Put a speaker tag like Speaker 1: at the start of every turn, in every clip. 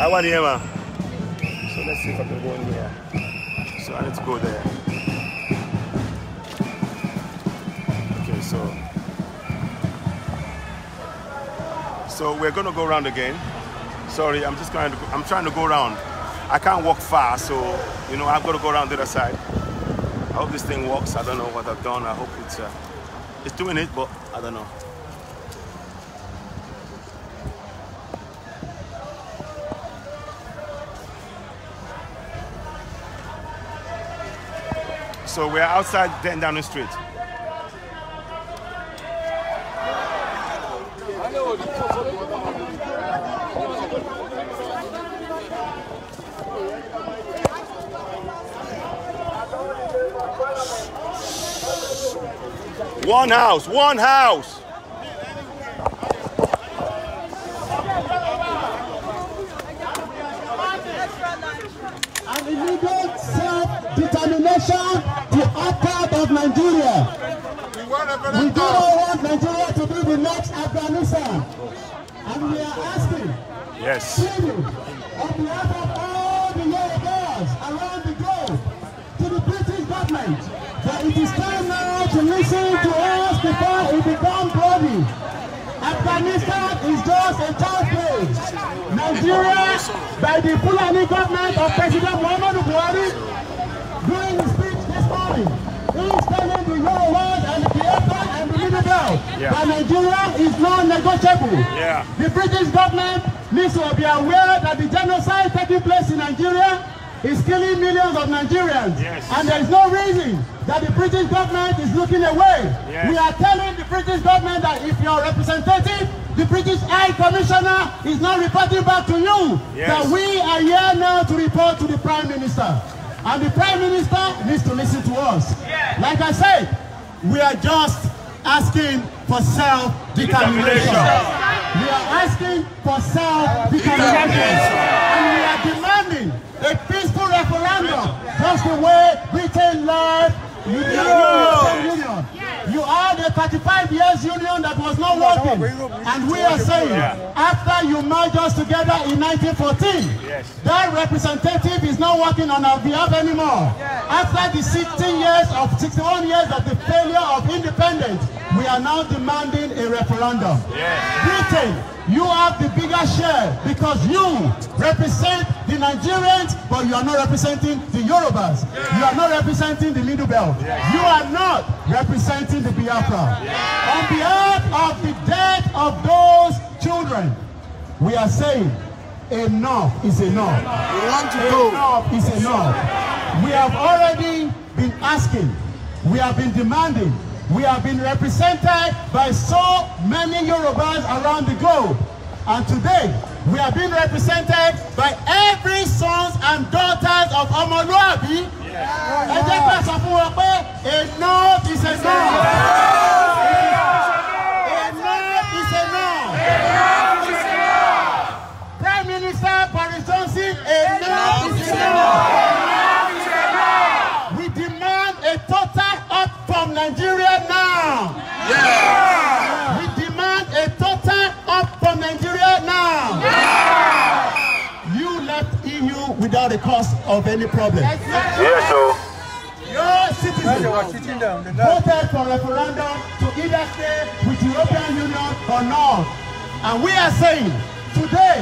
Speaker 1: I want here, So let's see if I can go in here. So I need to go there. Okay, so. So we're gonna go around again. Sorry, I'm just trying to, I'm trying to go around. I can't walk far, so, you know, I've got to go around the other side. I hope this thing works. I don't know what I've done. I hope it's, uh, it's doing it, but I don't know. So we're outside then down the street. One house, one house. Nigeria.
Speaker 2: We do not want Nigeria to be the next Afghanistan. And we are asking
Speaker 1: yes. you, on
Speaker 3: behalf of all the Yorubas around the globe, to the British government,
Speaker 2: that it is time now to listen to us before it becomes bloody. Afghanistan is just a child place. Nigeria, by the Fulani government of President Muhammadu Buhari, during his speech this morning, Please with your word and the Biafra and the it down. Yeah. Nigeria is non-negotiable. Yeah. The British government needs to be aware that the genocide taking place in Nigeria is killing millions of Nigerians. Yes. And there is no reason that the British government is looking away. Yes. We are telling the British government that if your representative, the British High Commissioner, is not reporting back to you, yes. that
Speaker 1: we are here now to report to the Prime Minister. And the Prime Minister needs to listen to us. Yeah. Like I said, we are just asking for self-determination. We are asking for self-determination. And we are demanding a peaceful referendum. That's the way Britain life
Speaker 3: Union.
Speaker 2: Union. You had a 35 years union that was not working. And we are saying, after you merged us together in 1914, that representative is not working on our behalf anymore. After the 16
Speaker 1: years of 61 years of the failure of independence, we are now demanding a referendum. Yeah. Britain, you have the bigger share because you represent the Nigerians, but you are not representing the Yorubas. Yeah. You are not representing the Middle Belt. Yeah. You are not representing the Biafra. Yeah. On behalf of the death of those children, we are saying enough is enough. We want to enough go. is enough. We have already been asking. We have been demanding We have been represented by so many Yorubas around the globe. And today, we have been represented by every sons and daughters of Omoluabi. Yes.
Speaker 2: Enough is enough.
Speaker 1: cause of any problem. Yes, sir.
Speaker 2: Your
Speaker 3: citizens
Speaker 1: voted for referendum to either stay with European Union or not. And we are saying today,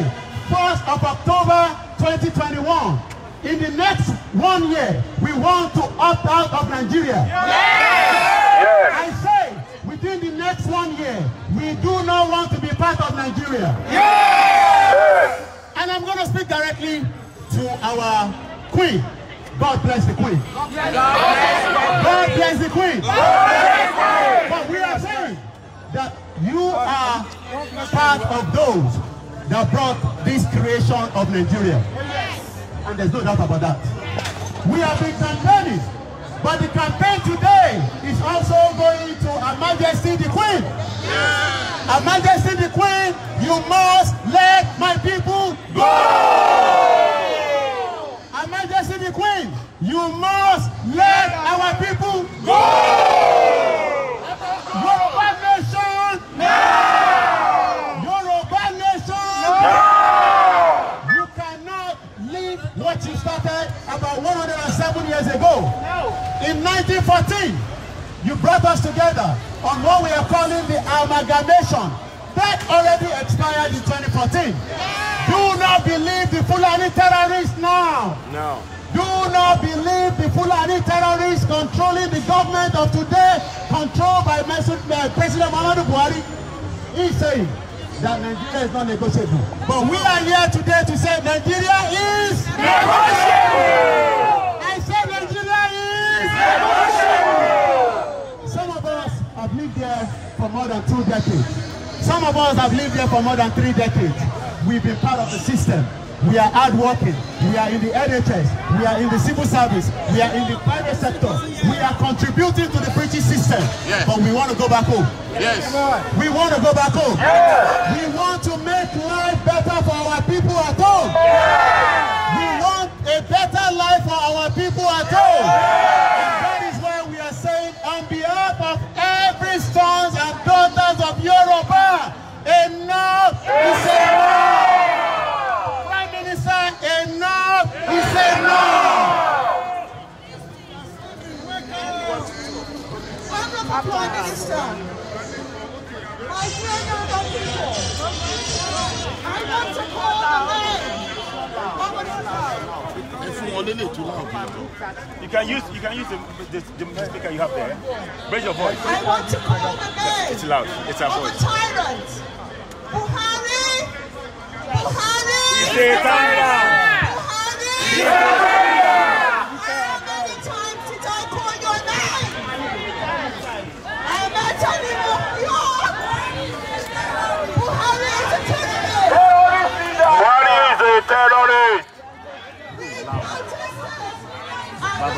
Speaker 1: 1st of October 2021, in the next one year, we want to opt out of Nigeria.
Speaker 3: Yes. yes.
Speaker 1: I say, within the next one year, we do not want to be part of Nigeria. Yes. yes. And I'm going to speak directly to our queen. God bless the queen. God bless the queen. But we are saying that you are part of those that brought this creation of Nigeria. And there's no doubt about that. We have been campaigning, but the campaign today is also going to Her Majesty the Queen. Her Majesty the Queen, you must let my people go! You must let our people go! Yoruba nation!
Speaker 3: No!
Speaker 1: Yoruba nation! No! You cannot leave what you started about 107 years ago. No. In 1914, you brought us together on what we are calling the amalgamation. That already expired in 2014. Yeah. You not believe the Fulani terrorists now. No. Do not believe the Fulani terrorists controlling the government of today, controlled by President Muhammadu Buhari. He's saying that Nigeria is not negotiable. But we are here today to say Nigeria is negotiable. I
Speaker 3: say Nigeria is negotiable.
Speaker 1: Some of us have lived there for more than two decades. Some of us have lived here for more than three decades. We've been part of the system. We are hardworking. We are in the NHS. We are in the civil service. We are in the private sector. We are contributing to the British system. Yes. But we want to go back home. Yes. We want to go
Speaker 3: back
Speaker 2: home. Yes. We want to make life better for our people at home. Yes. We want a better life for our people at
Speaker 1: You can use you can use the, the, the speaker you have there. Raise your voice. I want to call the name. It's loud. It's our voice.
Speaker 4: Tyrant. Buhari. Buhari. Buhari. Buhari.
Speaker 1: she has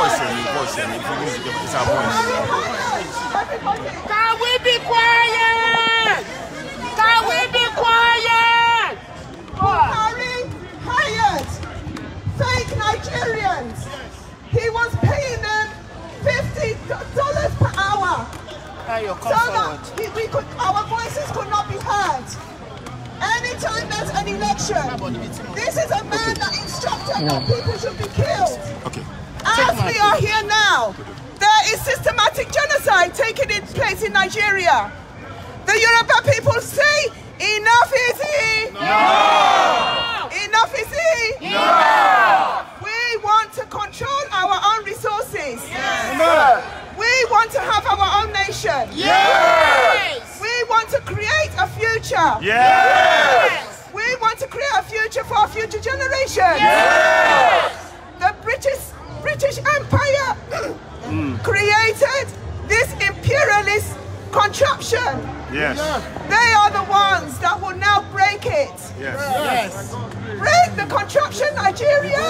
Speaker 1: voice voice it's her
Speaker 4: voice. Can we be quiet? Can we be quiet? Buhari hired fake Nigerians. He was paying them fifty dollars per hour. so that we could, our voices could not be heard. Any time there's an election, this is a man okay. that instructed no. that people should be killed. Okay. As we are here now, there is systematic genocide taking place in Nigeria. The Yoruba people say, enough is he! No! Enough is he! No! We want to control our own resources. Yes! We want to have our own nation. Yes! We want to create a future. Yes. yes. We want to create a future for our future generations. Yes. The British British Empire mm. created this imperialist contraption. Yes. They are the ones that will now break it. Yes. yes. Break the contraption, Nigeria.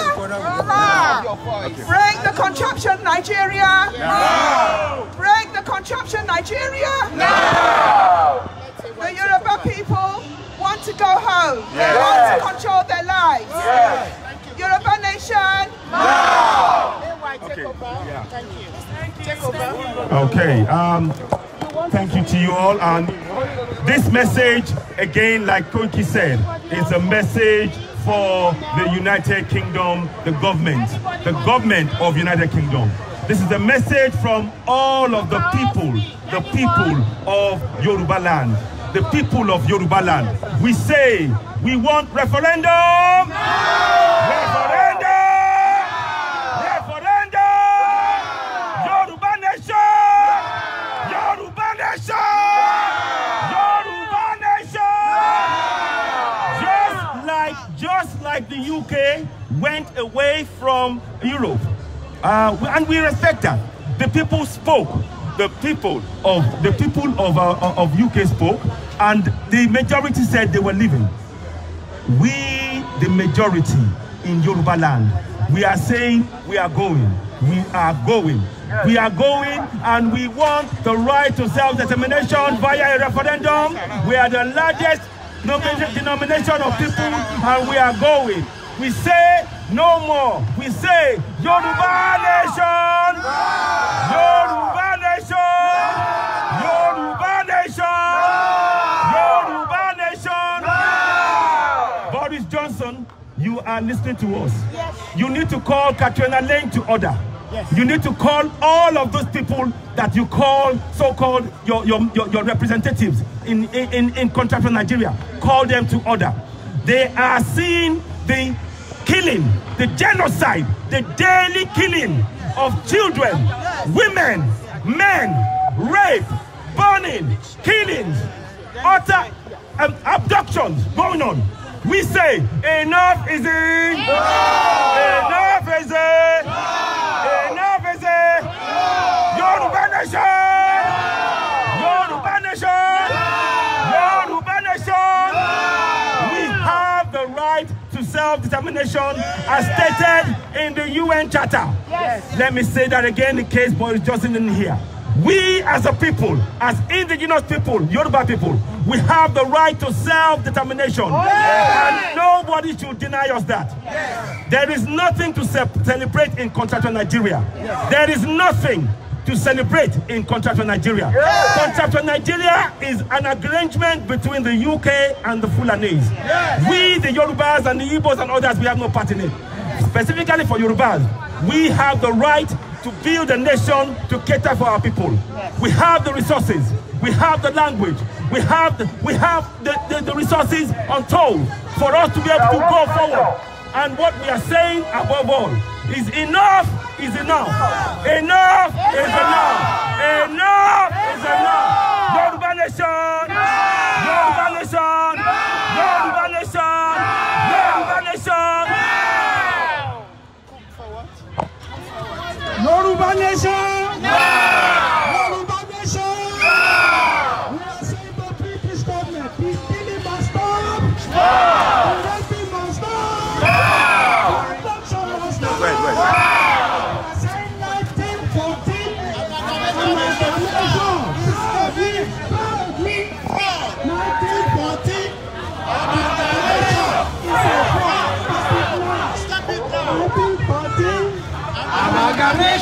Speaker 4: Break the contraption, Nigeria. No. Break the contraption, Nigeria. No want to go home. They want to control their lives. Yes. Yoruba Nation, now! Okay. Thank you. Okay. Um, thank you
Speaker 1: to you all. And this message, again, like Koiki said, is a message for the United Kingdom, the government, the government of United Kingdom. This is a message from all of the people, the people of Yoruba land. the people of Yoruba land. We say we want referendum. No! Referendum. No!
Speaker 3: Referendum. No! Yoruba nation.
Speaker 1: Yoruba nation. Yoruba nation. Just like just like the UK went away from Europe, uh, and we respect that. The people spoke. the people of the people of uh, uh of UK spoke, and the majority said they were leaving. We, the majority in Yoruba land, we are saying we are going. We are going. We are going and we want the right to self-determination via a referendum. We are the largest denomination of people and we are going. We say no more. We say Yoruba Nation! Yoruba! are listening to us, yes. you need to call Katrina Lane to order. Yes. You need to call all of those people that you call so-called your, your, your, your, representatives in, in, in contractual Nigeria. Call them to order. They are seeing the killing, the genocide, the daily killing of children, women, men, rape, burning, killings, utter um, abductions going on. We say enough is it. Enough is it. Enough is it. No! Yorùbá nation. Yorùbá nation. Yorùbá nation. We have the right to self-determination as stated in the UN Charter. Yes. Let me say that again in case Boris Johnson didn't hear. We as a people, as indigenous people, Yoruba people, we have the right to self-determination. Oh, And nobody should deny us that. There is nothing to celebrate in contractual Nigeria. There is nothing to celebrate in contractual Nigeria. Contractual Nigeria is an arrangement between the UK and the Fulanese. We, the Yorubas and the Igbos and others, we have no part in it. Specifically for Yorubas, we have the right to build a nation to cater for our people. Yes. We have the resources, we have the language, we have the, we have the, the, the resources untold for us to be able to go forward. And what we are saying above all is enough is enough. Enough is enough.
Speaker 4: Enough is enough. Yoruba Nation! Yoruba Nation! Yorùbá nation.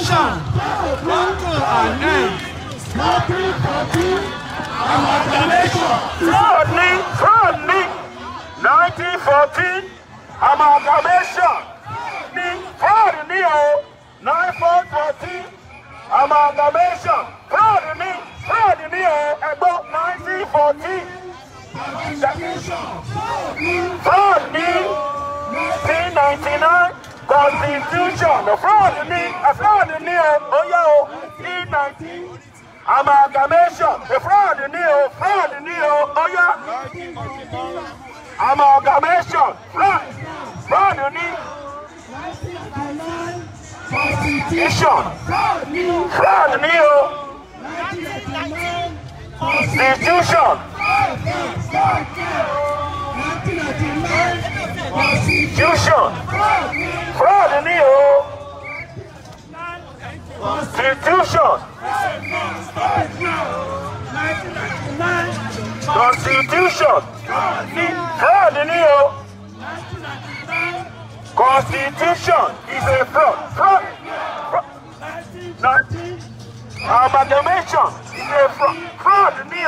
Speaker 2: Vision, Uncle and M. Fraud ni, fraud
Speaker 1: ni, 1914, amalgamation ni, fraud ni o, 9414, amalgamation, fraud ni, fraud ni o, ẹgbọ́ 1914. Fraud ni, 1999 constitution fúlọ́ọ̀dù ní fúlọ́ọ̀dù ní ó yá o ní nineteen amalgamation fúlọ́ọ̀dù ní o fúlọ́ọ̀dù ní o ó yá amalgamation fúlọ́ọ̀dù ní constitution fúlọ́ọ̀dù ní o
Speaker 2: constitution
Speaker 3: constitution
Speaker 1: fraud ni o constitution constitution fraud ni o constitution is a fraud fraud amalgamation is a fraud fraud ni o.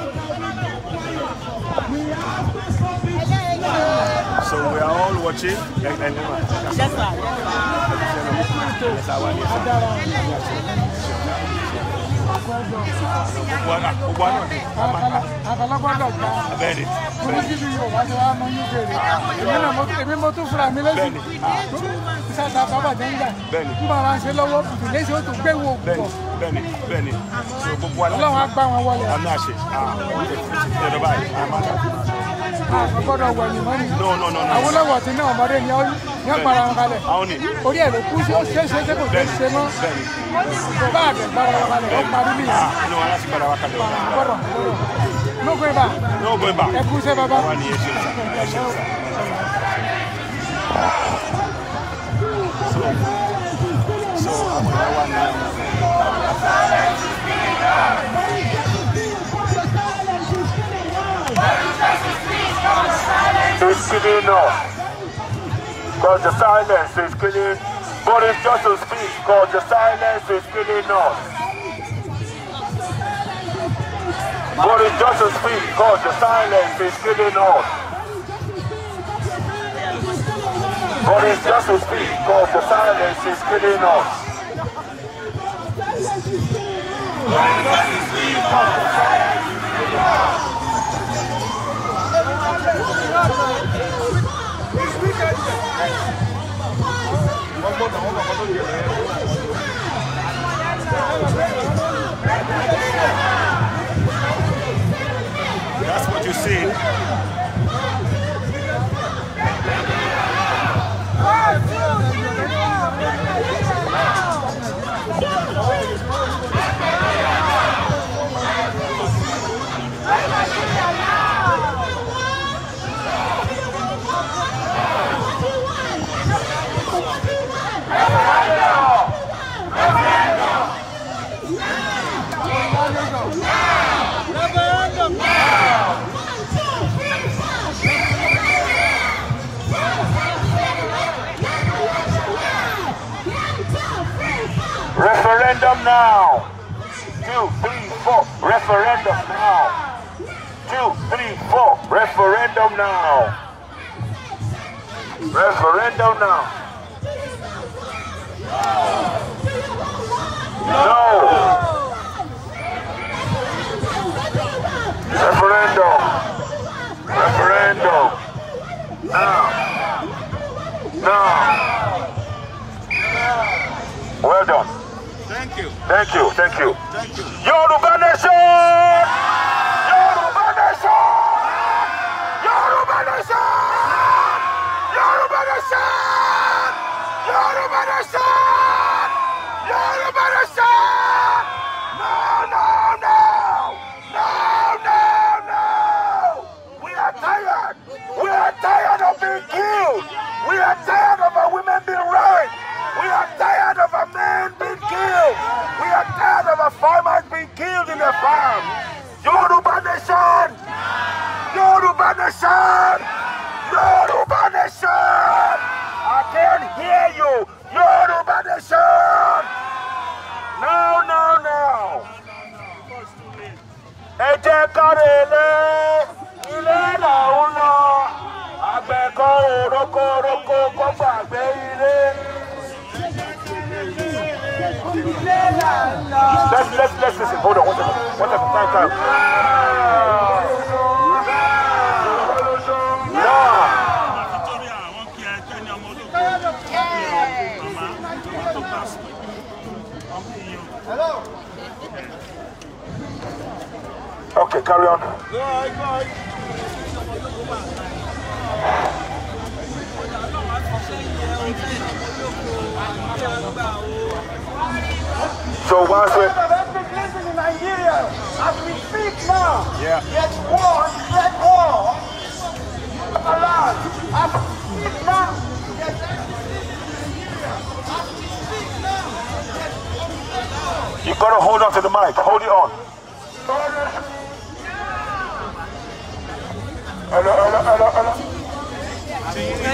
Speaker 1: ọtí ẹni mà. Gbogbo àná
Speaker 2: ni. Àtàlágbádọ̀
Speaker 1: gba àgbọ̀dọ̀ ah, wẹ̀ ní mọ́ni Awólọ́wọ̀ ti ní ọmọdé ní ọ̀pára wọn kalẹ̀ orí ẹ̀ ló kú sí ó ṣeé ṣe é kò tó ṣe mọ́ bá àgbẹ̀ gbára wọn kalẹ̀ ó parí nìyẹn àgbọ̀dọ̀ lóko ibà ẹkú sẹ́ bàbá. So, so, I'm going to is killing. us, because the silence is killing But it's just to speak because the silence is killing us. But it's just to speak because the silence is killing us. But it's just to speak because the silence is killing us. That's what you see. now. Two, three, four, referendum now. Two, three, four, referendum now. Referendum now. No.
Speaker 3: Referendum. Referendum. Now.
Speaker 1: Now. Well done. Thank you. Thank you. Thank you. Thank you. Yoruba Nation! the farmers being killed in their farm. Yoruba Nation! Yoruba Nation! Yoruba
Speaker 3: Nation! I can't hear you! Yoruba Nation!
Speaker 1: No, no, no! Ẹ jẹ́ ká rè lé,
Speaker 3: ilé là ń lọ,
Speaker 1: àgbẹ̀ kan ò roko Let's let's let's listen. Hold on, one second. One second. Time, time. Hello. Okay, carry on. Bye bye. So once we... as we speak
Speaker 4: now, yeah. yet war, yet war,
Speaker 2: allowed, as we speak now, yet
Speaker 1: You gotta hold on to the mic, hold it on. Hello, hello, hello, hello.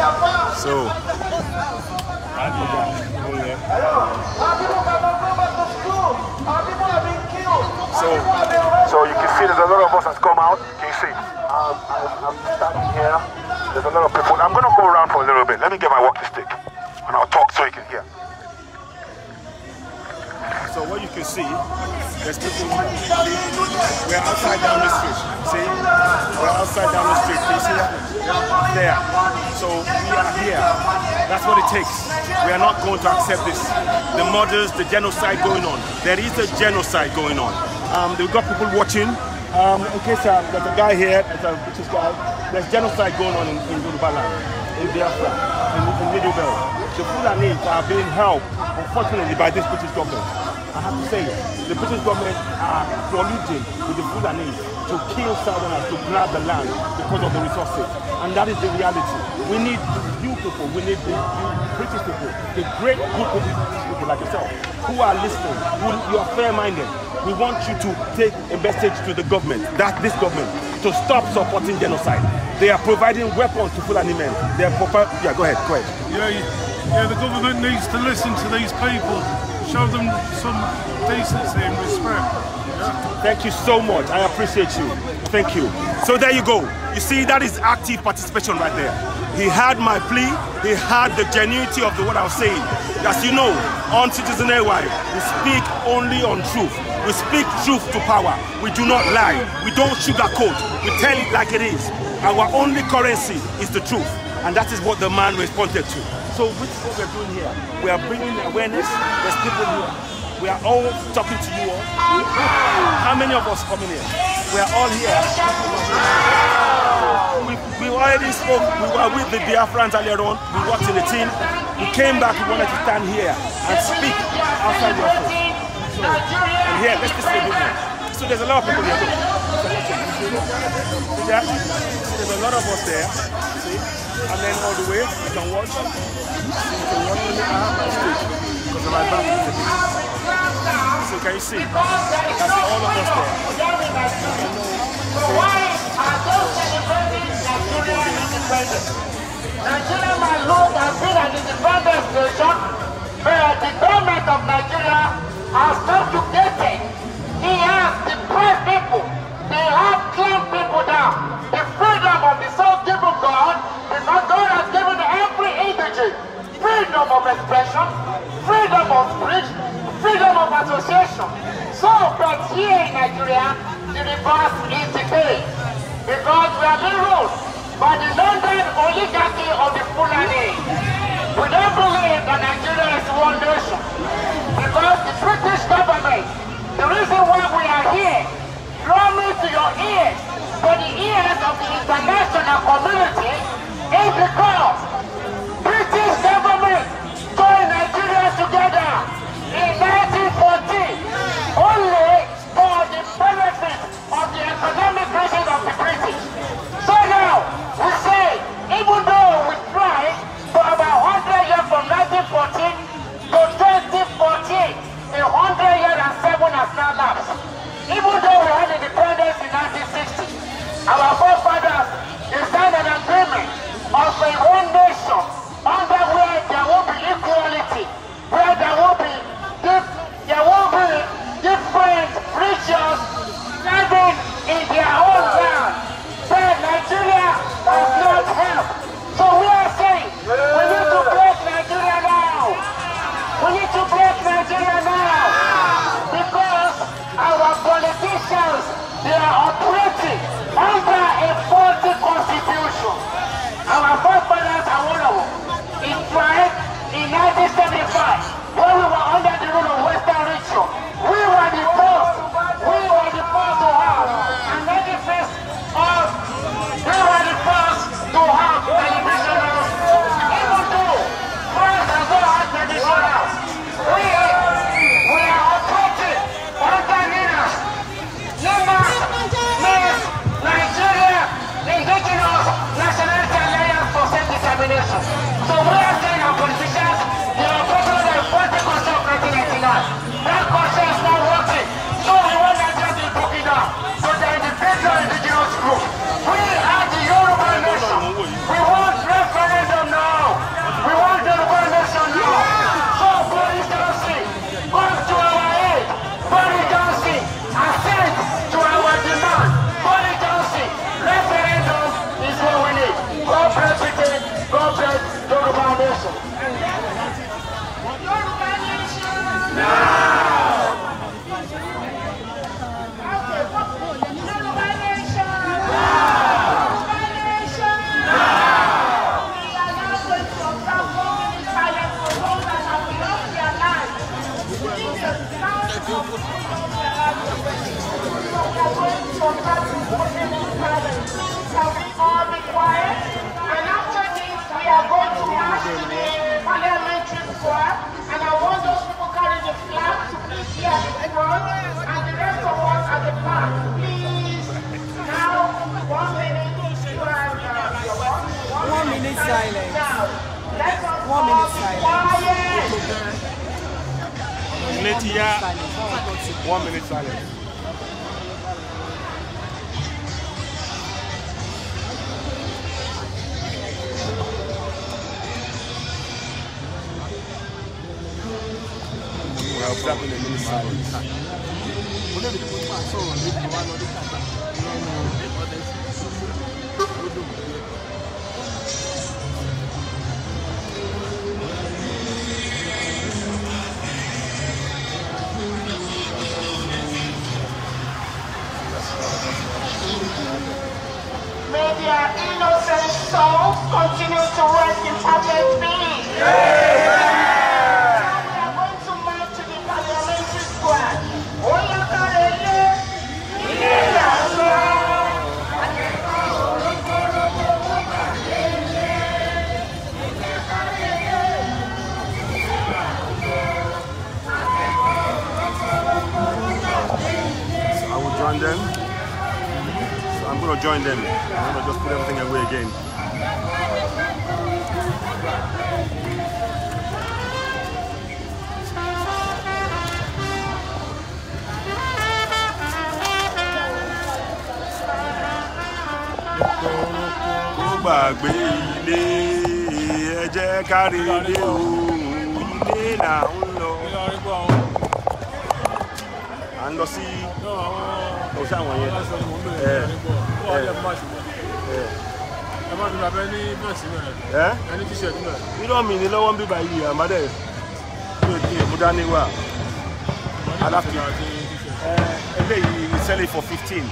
Speaker 1: So. So, so you can see there's a lot of us has come out. Can you see? Um, I'm, I'm standing here. There's a lot of people. I'm gonna go around for a little bit. Let me get my walking stick, and I'll talk so you can hear. So what you can see, there's people, we're outside down the street, see? We're outside down the street, can you see that? There. So we are here. That's what it takes. We are not going to accept this. The murders, the genocide going on. There is a genocide going on. Um, we've got people watching. Um, in case uh, there's a guy here, there's a British guy, there's genocide going on in, in Yoruba land in Biafra, in, in Middle Belt. The Fulani are being helped, unfortunately, by this British government. I have to say, the British government are colluding with the Fulani to kill Southerners, to grab the land because of the resources. And that is the reality. We need you people, we need the, British people, the great good British people like yourself, who are listening, who, you are fair-minded. We want you to take a message to the government, that this government, to stop supporting genocide. They are providing weapons to Fulani men. They are Yeah, go ahead. Go ahead. Yeah, yeah. The government needs to listen to these people. Show them some decency and respect. Thank you so much. I appreciate you. Thank you. So there you go. You see, that is active participation right there. He had my plea. He had the genuity of the what I was saying. As you know, on Citizen AY, we speak only on truth. We speak truth to power. We do not lie. We don't sugarcoat. We tell it like it is. Our only currency is the truth. And that is what the man responded to. So which is what we're doing here. We are bringing awareness. There's people here. We are all talking to you all. How many of us coming here? We are all here. We, we already spoke. We were with the Biafrans earlier on. We worked in the team. We came back. We wanted to stand here and speak
Speaker 2: outside the office. So,
Speaker 1: and here, let's just So there's a lot of people here. Yeah, there's a lot of us there. See? And then all the way, you can watch. You can watch me. I have my stage because my back So can you see? I can see all of us there.
Speaker 2: Nigeria might look and been an independent nation, Where the government of Nigeria has subjugated, he has deprived people they have clamped people down. The freedom of the South given God is what God has given every energy, Freedom of expression, freedom of speech, freedom of association. So, but here in Nigeria, the reverse is the case. Because we are being ruled by the London oligarchy of the Fulani. We don't believe that Nigeria is one nation. Because the British government, the reason why we to your ears. For the ears of the international community is the call
Speaker 1: join them. I'm gonna just put everything away again. gbàgbé ilé ẹ jẹ́ ká rí ilé o ilé là ọwọ́ àti ẹ̀fọ́ máṣe ẹ má dúró abẹ́ ní bẹ́ẹ̀sì náà ẹ ní tíṣẹ̀ nílẹ̀. irọ́ mi ní lọ́wọ́ ń bíbá yìí àmọ́dẹ̀ yóò di èmúdání wà aláfi eléyìí we sell it for fifteen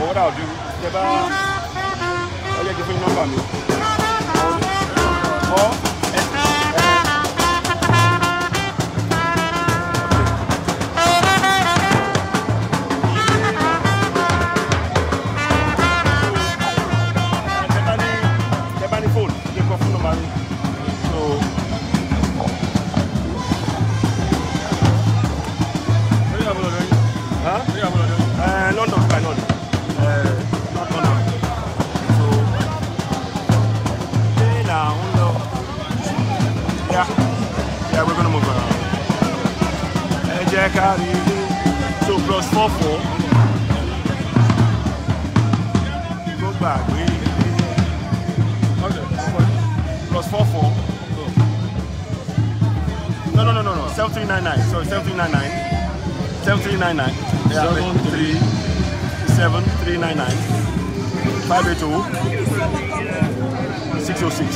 Speaker 1: ọ̀wọ́dà ọ̀dún ẹ bá ẹ yẹ kí fún nọ́mbà mi. seven three seven three nine nine five eight oh six oh six.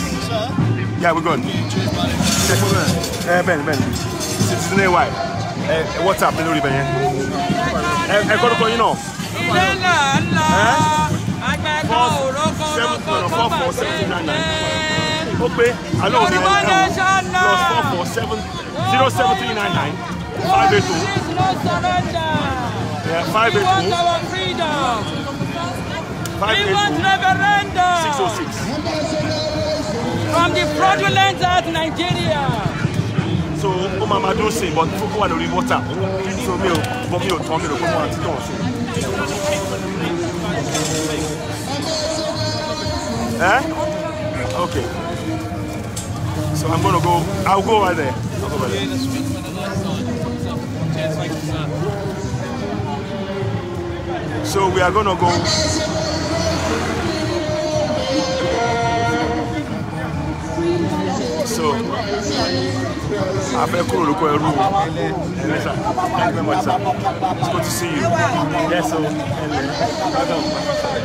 Speaker 1: Yeah, we're going. Eh, ben, bẹ́ẹ̀ni bẹ́ẹ̀ni citizen ay ẹ WhatsApp mi lórí bẹ́ẹ̀ yẹn. Ẹ you know? yín náà.
Speaker 2: Ilé ńlá ńlá agbẹ́kọ̀ òrókò òrókò
Speaker 1: kó bàjẹ́ ó pé àlọ́ òní wọn kàn plus four four seven zero seven three nine nine five eight
Speaker 2: two. Yeah, five we eight want eight. our freedom. Five we want referendum. 606. From the fraudulent at Nigeria.
Speaker 1: So, ó máa say, but fúnkú wà lórí water. So me, ò bọ́ mi ò tán mi ò kó mọ́ àti tán ọ̀sùn. Eh? Okay. So I'm gonna go. I'll go right there. I'll go right there. So we are gonna go. So, after Kuro Luko Eru, thank you very much, sir. It's good to see you. Yes, sir.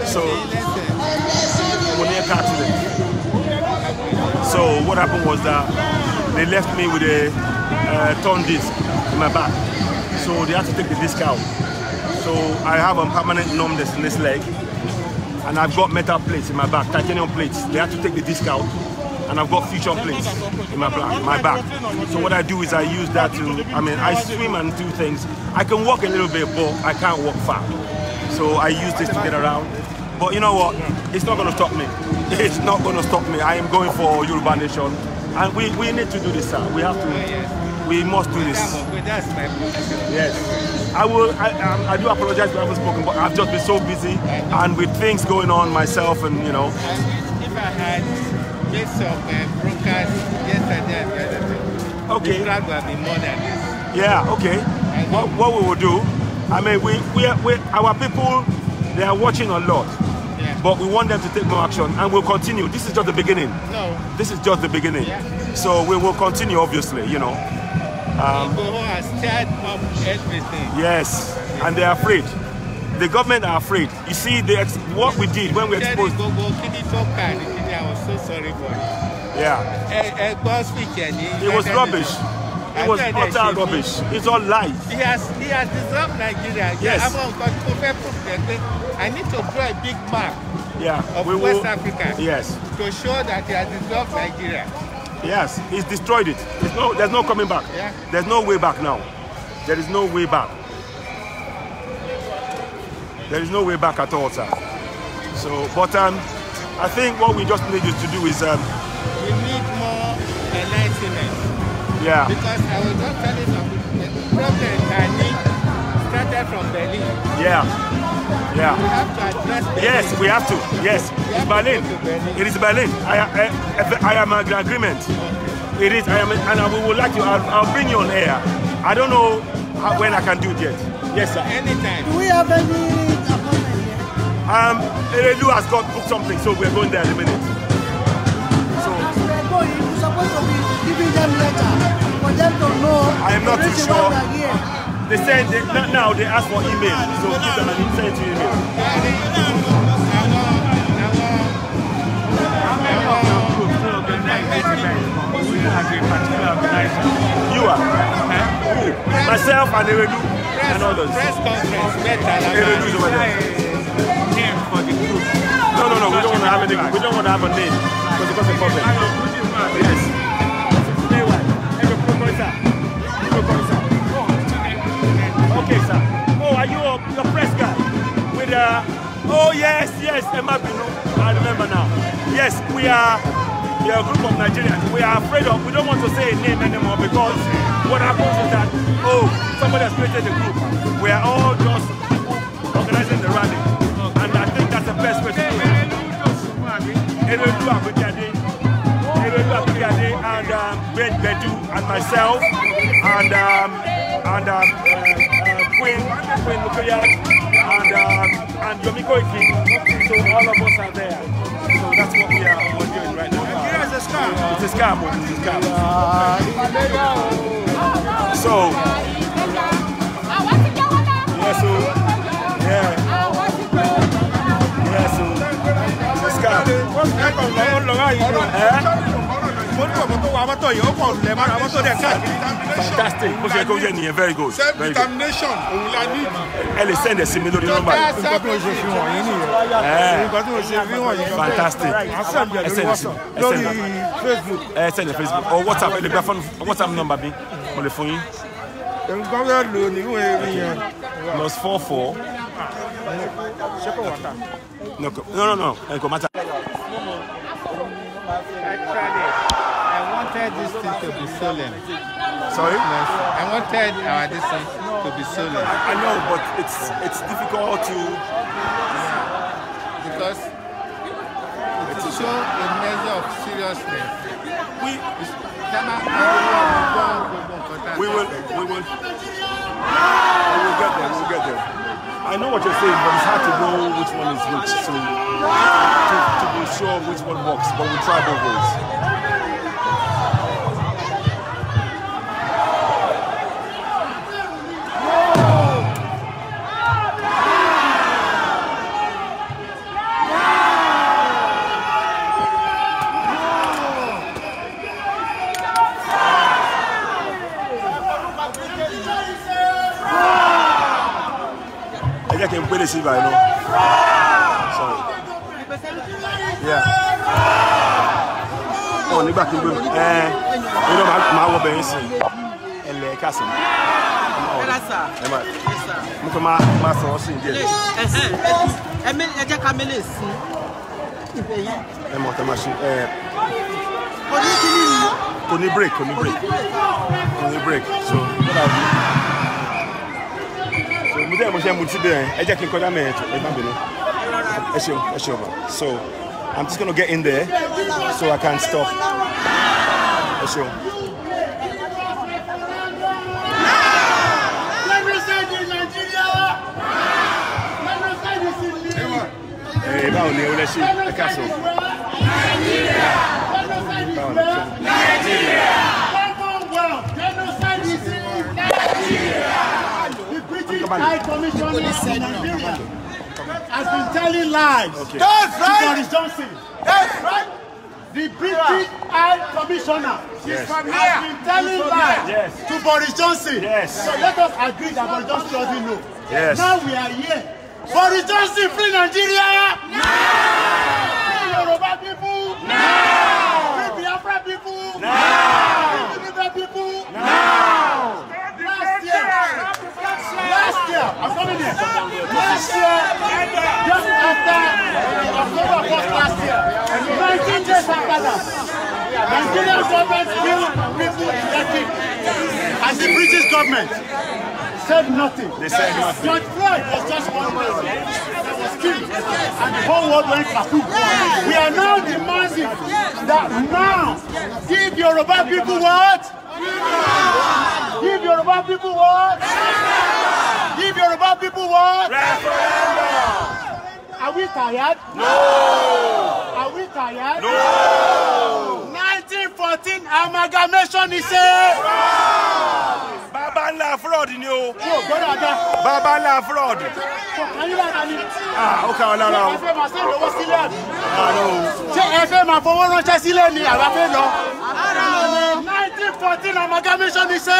Speaker 1: so, welcome. So, Monique accident. So, what happened was that they left me with a uh, torn disc in my back. So, they had to take the disc out. So I have a permanent numbness in this leg. And I've got metal plates in my back, titanium plates. They had to take the disc out. And I've got fusion plates in my back, my back. So what I do is I use that to, I mean, I swim and do things. I can walk a little bit, but I can't walk far. So I use this to get around. But you know what? It's not going to stop me. It's not going to stop me. I am going for Yoruba Nation. And we, we need to do this, sir. We have to, we must do this. Yes. I will. I, I, um, I, do apologize if I haven't spoken, but I've just been so busy and with things going on myself, and you know. And if I had this of broadcast yesterday and okay. the crowd would have been more than this. Yeah. Okay. What, what we will do? I mean, we we, are, we our people they are watching a lot. Yeah. But we want them to take more action and we'll continue. This is just the beginning. No. This is just the beginning. Yeah. So we will continue, obviously, you know. Um, People who stirred up everything. Yes, and they're afraid. The government are afraid. You see, what we did when we exposed. Go, go, I was so sorry for you. Yeah. Eh, eh, eh, it was rubbish. It was utter rubbish. It's all lies. He has he has dissolved Nigeria. Yes. I need to draw a big map yeah. of we West will, Africa. Yes. To show that he has dissolved Nigeria. Yes, he's destroyed it. There's no, there's no coming back. Yeah. There's no way back now. There is no way back. There is no way back at all, sir. So, but um, I think what we just need is to do is... Um, we need more enlightenment. Yeah. Because I was just telling you the problem I need defected from Berlin. Yeah. Yeah. We have to address Berlin. Yes, we have to. Yes. We it's Berlin. To Berlin. It is Berlin. I, I, I am an agreement. Okay. It is. I am, and I would like to. I'll, I'll bring you on air. I don't know how, when I can do it yet. Yes, sir. Anytime. Do we
Speaker 3: have any appointment
Speaker 1: here? Um, Erelu has got booked something, so we're going there in a minute.
Speaker 4: So. Going, giving them letter for them
Speaker 1: to know. I am not too
Speaker 4: sure.
Speaker 1: They send, they, now they ask for email, so give them an send to email. You are? Who? Eh? Myself and Eredu and others. Press conference, Eredu's over there. for the group. No, no, no, we don't want to have a name. We don't want to have a name because it causes a problem. Yes. Every promoter case. Oh, are you a, a press guy? With uh, oh yes, yes, I remember now. Yes, we are. We are a group of Nigerians. We are afraid of. We don't want to say a name anymore because what happens is that oh, somebody has created a group. We are all just organizing the rally, and I think that's the best way to do it. Eredu and um, Ben Bedu, and myself, and um, and um, uh, Queen, Queen and, uh, and Yomi So all of us are there. So that's what we are doing right now. Nigeria is a scam. It's a scam. It's a scam. Oh, uh, so. so. Yeah. so. It's a scam. What's fantastic bó ṣe yẹ nìyẹn very good. self determination ẹ lè send ẹ sí mi lórí nọ́mbà yìí. nǹkan tó ń ṣe fi wọ̀nyí nìyẹn. nǹkan tó fantastic ẹ send ẹ sí lórí facebook. ẹ send ẹ facebook or whatsapp ẹ lè gba fọ́nù whatsapp nọ́mbà mi mo lè fún yín. nǹkan tó lò ní yẹn. plus four four. ṣé kò wá ta. no no no ẹ kò ta. to be solemn. Sorry? I wanted our uh, decision to be solemn. I, I know, but it's it's difficult to... Because it's to show a measure of seriousness. We... We will, we will, we will get there, we will get there. I know what you're saying, but it's hard to know which one is which, so to, to be sure which one works, but we'll try both ways. receiver, you know. Sorry. Yeah. Oh, nígbà kí n gbé mi. Ẹ ẹ ló máa wọ bẹ̀rẹ̀ sí i. Ẹ lẹ̀ ká sí i. Ẹ máa mú kí n máa sọ̀rọ̀ sí i
Speaker 2: díẹ̀. Eh, eh, eh, ẹ jẹ́ ká mélé sí i.
Speaker 1: Ẹ mọ̀ tẹ́ máa ṣe. Kò ní break, kò ní break. Kò ní break. So, what I do bẹ́ẹ̀ mo ṣe mutí bẹ́ẹ̀ ẹ jẹ́ kí n kọjá mẹ́ẹ̀ tó ẹ bá bẹ̀rẹ̀ ẹ so i'm just gonna get in there
Speaker 3: so i can stop ẹ ṣeun. Eh, báwo ni ẹ wọlé ṣe ẹ ká sọ. báwo ni ṣe.
Speaker 1: High Commissioner of Nigeria has been telling lies. Okay. That's right. Boris Johnson. That's right. The British High Commissioner yes. has been telling lies yes. to Boris Johnson. Yes. So let us agree that Boris Johnson doesn't know. Yes. Now we are here.
Speaker 2: Boris Johnson, free Nigeria. Now.
Speaker 3: Free Yoruba people.
Speaker 2: Now. Free Biafra people. Now.
Speaker 1: I'm coming here. Last year, just after October 1st last year,
Speaker 3: 19 days after that, Nigerian government killed people in that thing.
Speaker 1: And the British government said nothing. They said nothing. George Floyd was just one person that was killed, and the whole world went kaput. We are now demanding that now give Yoruba people what? Give Yoruba people what? people want? Referendum. Are we tired? No. Are we tired? No. 1914 amalgamation is a baba ńlá fraud ni o. yóò gbọ́dọ̀ baba ńlá fraud. Ah, okay, lára ni. ó kà wọ́n lára o. ṣé ẹ fẹ́ máa sẹ́yìn lọ́wọ́ sílẹ̀ ni. ṣé ẹ fẹ́ máa fowó ránṣẹ́ sílẹ̀ ni àbá fẹ́ lọ. nineteen fourteen amalgamation ni ṣe.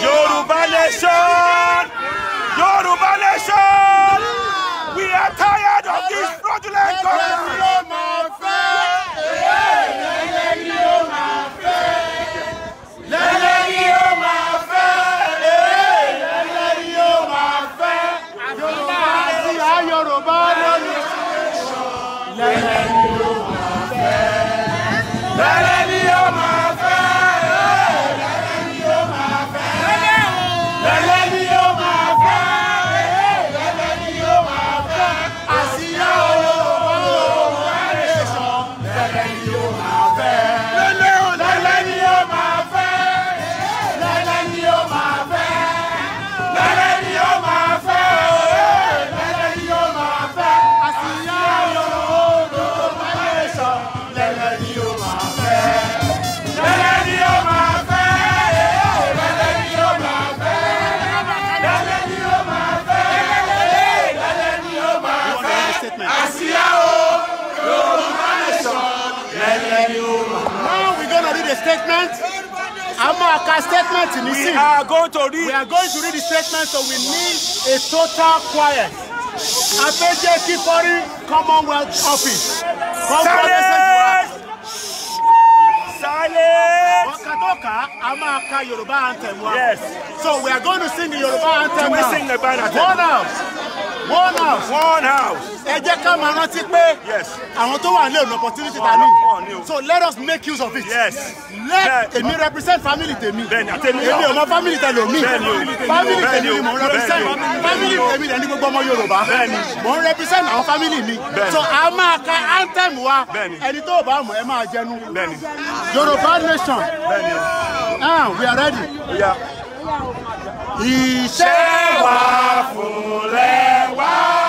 Speaker 1: Yoruba nation! Yoruba nation! We are tired of this fraudulent government!
Speaker 3: Yorùbá lónìí. Lẹ́yìn ló máa fẹ́.
Speaker 1: read the statement. a máa ka statement we are going to read. we are going to read the statement so we need a total quiet. a fẹ́ jẹ́ kí foreign commonwealth office. silence. silence. wakatoka a máa ka anthem yes. so we are going to sing the Yoruba anthem now. we sing the band anthem. one house
Speaker 4: one house. one house. ẹ jẹ́ ká máa rántí
Speaker 1: pé. yes. àwọn tó wà nílò opportunity ta ní so let us make use of it. yes let èmi represent family tèmi èmi ò mọ family tẹlomi family tèmi mo represent family tèmi lẹni gbogbo ọmọ Yorùbá mo represent our family mi so a máa ka anthem wa ẹni tó o bá mọ ẹ máa jẹnu Yorùbá nation ah we are ready. iṣẹ́ wa fún lẹ́wàá.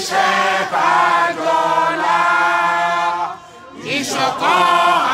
Speaker 3: είσαι παντολά,
Speaker 2: Ισοκόα.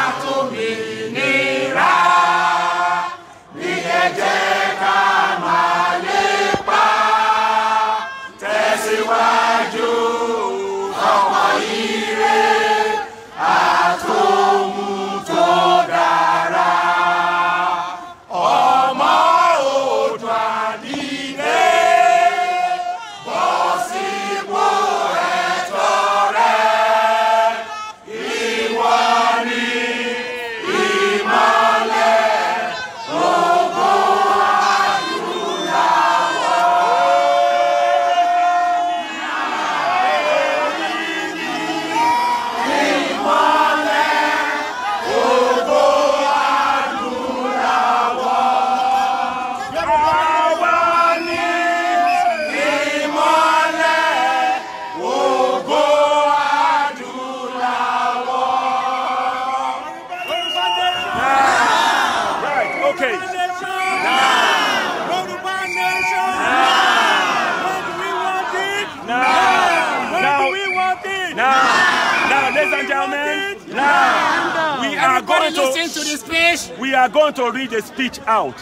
Speaker 1: to read a speech out,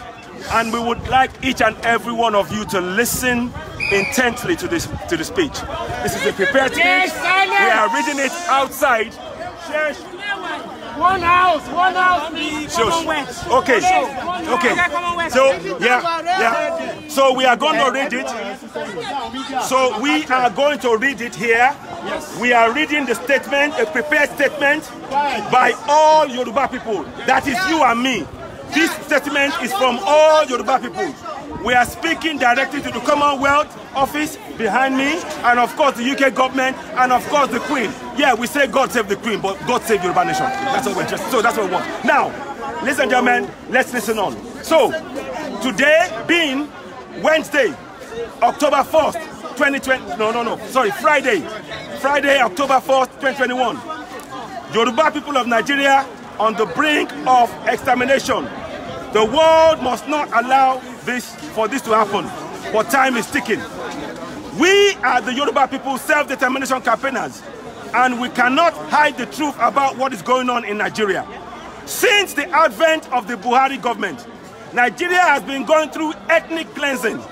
Speaker 1: and we would like each and every one of you to listen intently to this to the speech. This is a prepared speech. we are reading it outside.
Speaker 3: One house, one house, Commonwealth. Okay. Okay. So yeah, yeah. So we are going to read it. So we are
Speaker 1: going to read it here. We are reading the statement, a prepared statement by all Yoruba people. That is you and me. statement is from all Yoruba people. We are speaking directly to the Commonwealth Office behind me, and of course the UK government, and of course the Queen. Yeah, we say God save the Queen, but God save Yoruba nation. That's what we're just, so that's what we want. Now, listen, gentlemen, let's listen on. So, today being Wednesday, October 1st, 2020, no, no, no, sorry, Friday, Friday, October 4th, 2021. Yoruba people of Nigeria on the brink of extermination The world must not allow this for this to happen, but time is ticking. We are the Yoruba people self-determination campaigners, and we cannot hide the truth about what is going on in Nigeria. Since the advent of the Buhari government, Nigeria has been going through ethnic cleansing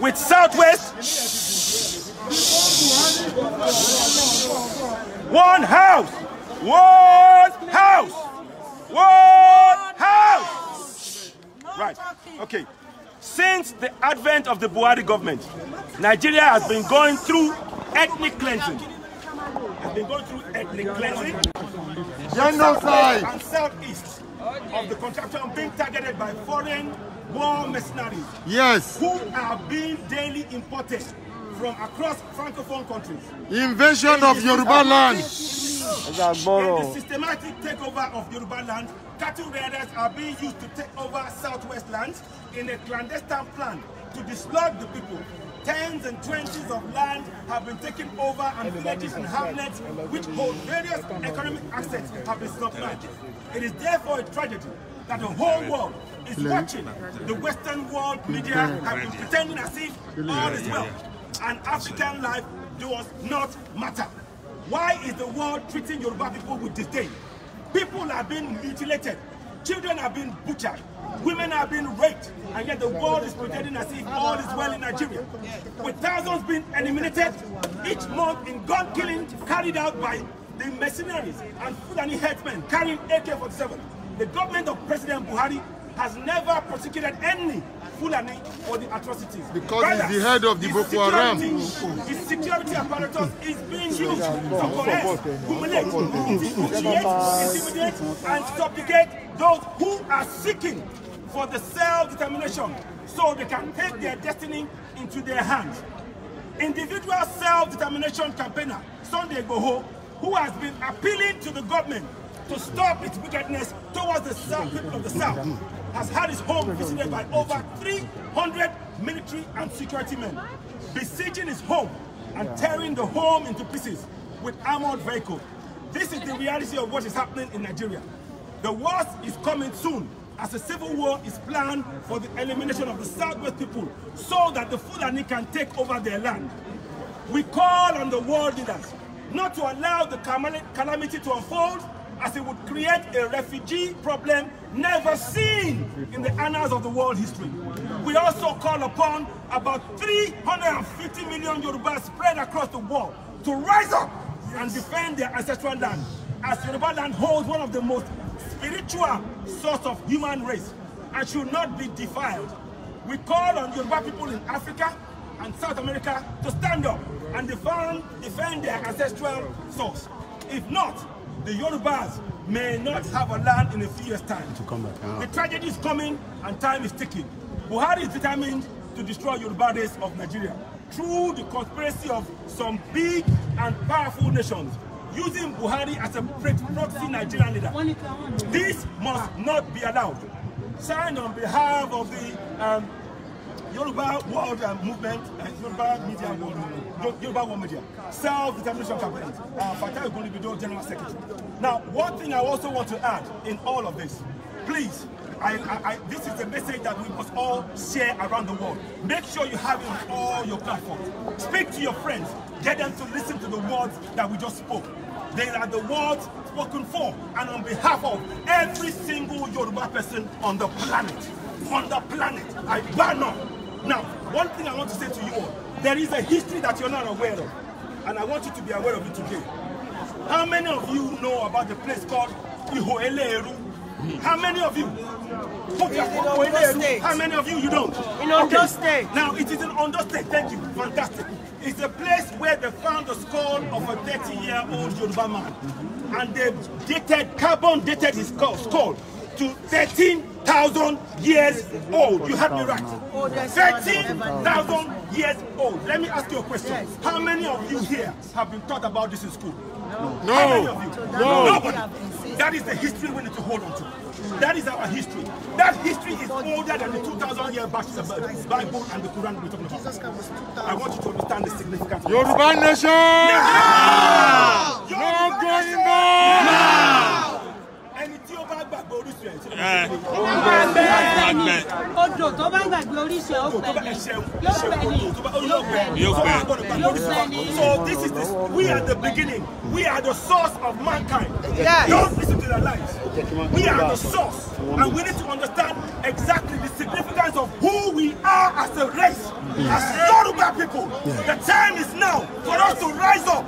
Speaker 1: with Southwest one house,
Speaker 2: one
Speaker 1: house, one house. Right. Okay. Since the advent of the Buhari government, Nigeria has been going through ethnic cleansing. Has been going through ethnic cleansing. Genocide. And southeast of the are being targeted by foreign war mercenaries. Yes. Who are being daily imported from across Francophone countries.
Speaker 2: Invasion of Yoruba land.
Speaker 1: And the systematic takeover of Yoruba land Cattle raiders are being used to take over Southwest lands in a clandestine plan to dislodge the people. Tens and twenties of land have been taken over and villages and hamlets which hold various economic assets have been submerged. It is therefore a tragedy that the whole world is watching. The Western world media have been pretending as if all is well and African life does not matter. Why is the world treating Yoruba people with disdain? People are being mutilated. Children are being butchered. Women are being raped. And yet the world is pretending as if all is well in Nigeria. With thousands being eliminated each month in gun killing carried out by the mercenaries and Fulani headsmen carrying AK-47. The government of President Buhari has never prosecuted any Fulani for the atrocities. Because Brothers, he's the head of the Boko Haram. His security apparatus is being used to collect, humiliate, intimidate, and subjugate those who are seeking for the self-determination so they can take their destiny into their hands. Individual self-determination campaigner Sunday Goho, who has been appealing to the government to stop its wickedness towards the south, people of the South, has had his home visited by over 300 military and security men, besieging his home and tearing the home into pieces with armored vehicles. This is the reality of what is happening in Nigeria. The worst is coming soon as a civil war is planned for the elimination of the Southwest people so that the Fulani can take over their land. We call on the world leaders not to allow the calamity to unfold as it would create a refugee problem never seen in the annals of the world history. We also call upon about 350 million Yoruba spread across the world to rise up and defend their ancestral land, as Yoruba land holds one of the most spiritual source of human race and should not be defiled. We call on Yoruba people in Africa and South America to stand up and defend, defend their ancestral source. If not, the Yorubas may not have a land in a few years' time. To come back ah. The tragedy is coming and time is ticking. Buhari is determined to destroy Yoruba race of Nigeria through the conspiracy of some big and powerful nations using Buhari as a proxy Nigerian leader. This must not be allowed. Signed on behalf of the um, Yoruba World uh, Movement, uh, Yoruba Media World Movement. Yoruba World Media, Self-Determination Campaign, uh, be Ogunibido, General Secretary. Now, one thing I also want to add in all of this, please, I, I, I, this is the message that we must all share around the world. Make sure you have it on all your platforms. Speak to your friends. Get them to listen to the words that we just spoke. They are the words spoken for and on behalf of every single Yoruba person on the planet. On the planet. I burn up. Now, one thing I want to say to you there is a history that you're not aware of. And I want you to be aware of it today. How many of you know about the place called Ihoeleru? How many of you?
Speaker 3: How many of you you don't? In Ondo
Speaker 1: okay. State. Now it is in Ondo State. Thank you. Fantastic. It's a place where they found the skull of a 30-year-old Yoruba man, and they dated carbon dated his skull, skull to 13 thousand years old. You had me right. Oh, Thirteen thousand years old. Let me ask you a question. How many of you here have been taught about this in school?
Speaker 3: No. No. no. Nobody.
Speaker 1: That is the history we need to hold on to. That is our history. That history is older than the 2,000 year Bible and the Quran we're talking about. I want you to understand the significance. Yoruba
Speaker 3: nation! No! no going
Speaker 2: back! No! ẹni tí ó bá gbàgbé orísun ẹ̀ sílẹ̀. ẹ ẹ ẹ odò tó bá gbàgbé orísun ẹ̀ ó pẹ́ ni yóò pẹ́ yóò pẹ́ yóò pẹ́ So
Speaker 1: this is this we are the beginning we are the source of mankind yes. don't listen to their lies we are the source and we need to understand exactly the significance of who we are as a race mm-hmm. as Yoruba people the time is now for us to rise up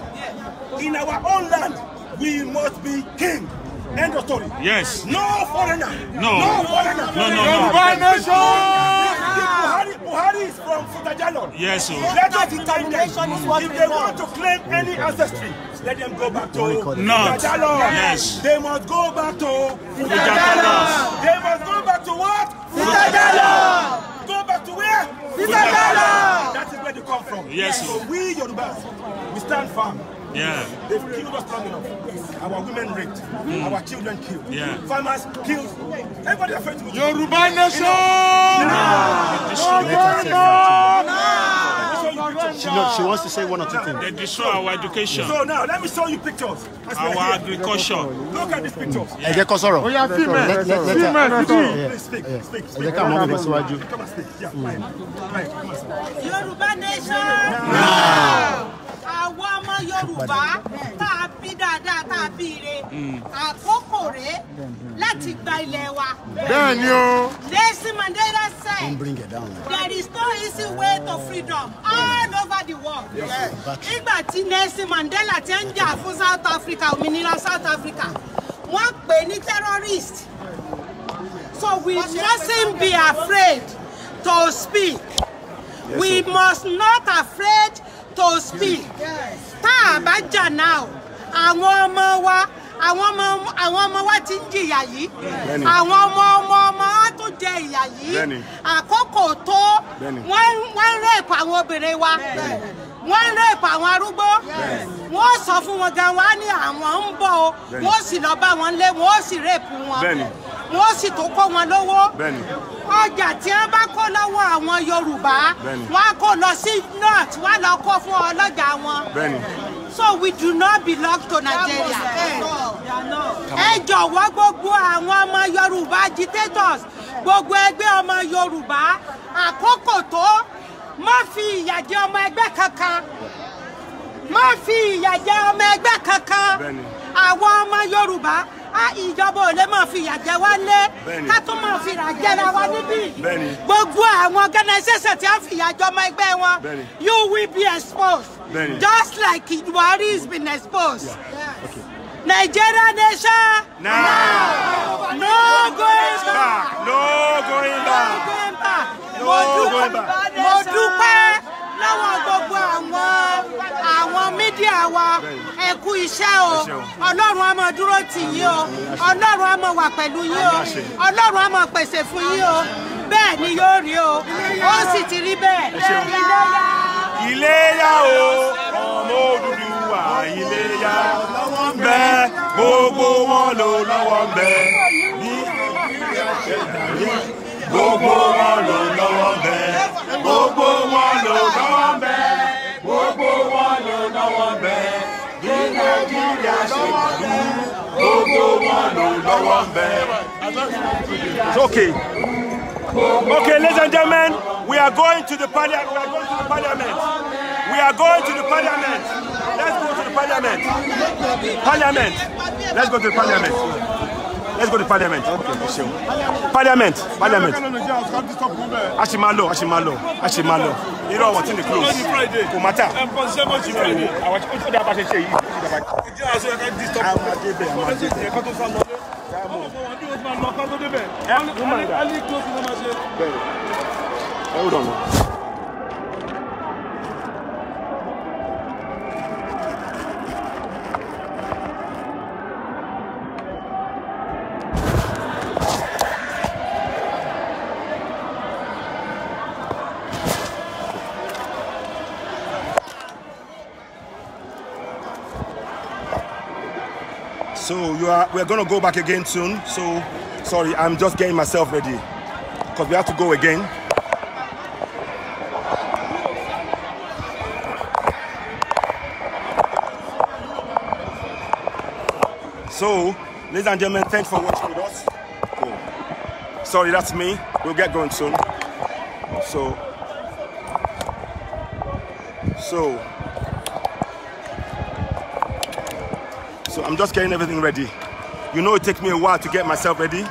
Speaker 1: in our own land we must be king. End of story. Yes. No foreigner. No. No foreigner. No, no, no. Yoruba nation. Buhari, Buhari is from Futajalon. Yes, sir. Let us determination is what If they want to claim any ancestry, let them go back to Futajalon. Yes. They must go back to Futajalon. They must go back to what?
Speaker 4: Futajalon.
Speaker 1: Go back to where? Futajalon. That is where they come from. Yes, sir. So we Yorubas, we stand firm. Yeah. They've killed us long enough our women raped, mm. our children killed, yeah. farmers killed. Everybody affected. Yoruba nation! No! No! No! She, no, she wants to say one or two things. They destroy our education. So now, let me show you pictures. As our agriculture. Look at these pictures. Ẹ jẹ́ kó sọ̀rọ̀. Oya oh, female. Let, let, let female. Her, female. Speak, speak, speak. Ẹ jẹ́ ká mọ́ Come and speak. Yeah, mm.
Speaker 3: Yoruba nation! Now! now.
Speaker 2: Yorùbá tá a bí dáadáa tá a bí ire àkókò rèé láti gba ilẹ̀ wa. bẹ́ẹ̀ ni o. Nelson Mandela said
Speaker 3: there
Speaker 2: is no easy way to freedom all over the world. nígbà tí Nelson Mandela ti ń jà fún South Africa òmìnira South Africa wọ́n pè ní terrorist so we mustn't be afraid to speak. we must not afraid to speak tá a bá now. náà àwọn ọmọ wa àwọn ọmọ àwọn ọmọ wa ti ń jìyà yìí àwọn ọmọ ọmọ ọmọ wa tó jẹ ìyà yìí àkókò tó wọ́n ń rẹ́pù àwọn wa wọ́n ń rèpù àwọn arúgbó wọ́n sọ fún wọn gan wá ní àwọn ń bọ̀ o wọ́n sì lọ bá wọn lé wọ́n sì rèpù wọn wọ́n sì tó kó wọn lówó ọjà tí wọ́n bá kó lọ́wọ́ àwọn Yorùbá wọ́n á kó lọ sí north wọ́n lọ kó fún ọlọ́jà wọn so we do not belong to Nigeria ẹ jọ̀wọ́ gbogbo àwọn ọmọ Yorùbá agitators gbogbo ẹgbẹ́ ọmọ Yorùbá àkókò tó má fi ìyà jẹ ọmọ ẹgbẹ́ kankan má fi ìyà jẹ ọmọ ẹgbẹ́ kankan àwọn ọmọ Yorùbá ìjọba ò lè máa fi ìyà jẹ wá lé ká tó máa fi ìyà jẹra wa níbí gbogbo àwọn organisation tí a fi ìyà jọ ọmọ ẹgbẹ́ wọn you will be exposed just like Buhari has been exposed. Yeah. Yes. Okay. Nigeria nation now. No going back. No going back. No going back. Mo dúpẹ́ lọ́wọ́ gbogbo àwọn àwọn mídíà wa ẹ kú iṣẹ́ o ọlọ́run á máa dúró tì yín o ọlọ́run á máa wà pẹ̀lú yín o ọlọ́run á máa pèsè fún yín o bẹ́ẹ̀ ni yóò rí o ó sì ti rí bẹ́ẹ̀. Iléyá o ọmọ òdùdú
Speaker 1: wà iléyá bẹ́ẹ̀ gbogbo wọn ló lọ́wọ́ bẹ́ẹ̀ ní gbogbo wọn ló lọ́wọ́
Speaker 3: bẹ́ẹ̀ gbogbo wọn ló lọ́wọ́ bẹ́ẹ̀ gbogbo wọn ló lọ́wọ́ bẹ́ẹ̀ bí nàìjíríà ṣe dàrú gbogbo wọn ló lọ́wọ́
Speaker 1: bẹ́ẹ̀. okay. Okay, ladies and gentlemen, we are going to the parliament. We are going to the parliament. We are going to the parliament. Let's go to the parliament. Parliament. Let's go to the parliament. Let's go to parliament. Parliament. Parliament. Ashimalo. Ashimalo. Ashimalo. lọ, a ṣì máa lọ, a ṣì close. Kò má tà. Àwọn tó dábàá ṣe ṣe Hold on. back. We're gonna go back again soon. So, sorry, I'm just getting myself ready because we have to go again. So, ladies and gentlemen, thanks for watching with us. Cool. Sorry, that's me. We'll get going soon. So, so, so I'm just getting everything ready. You know it takes me a while to get myself ready.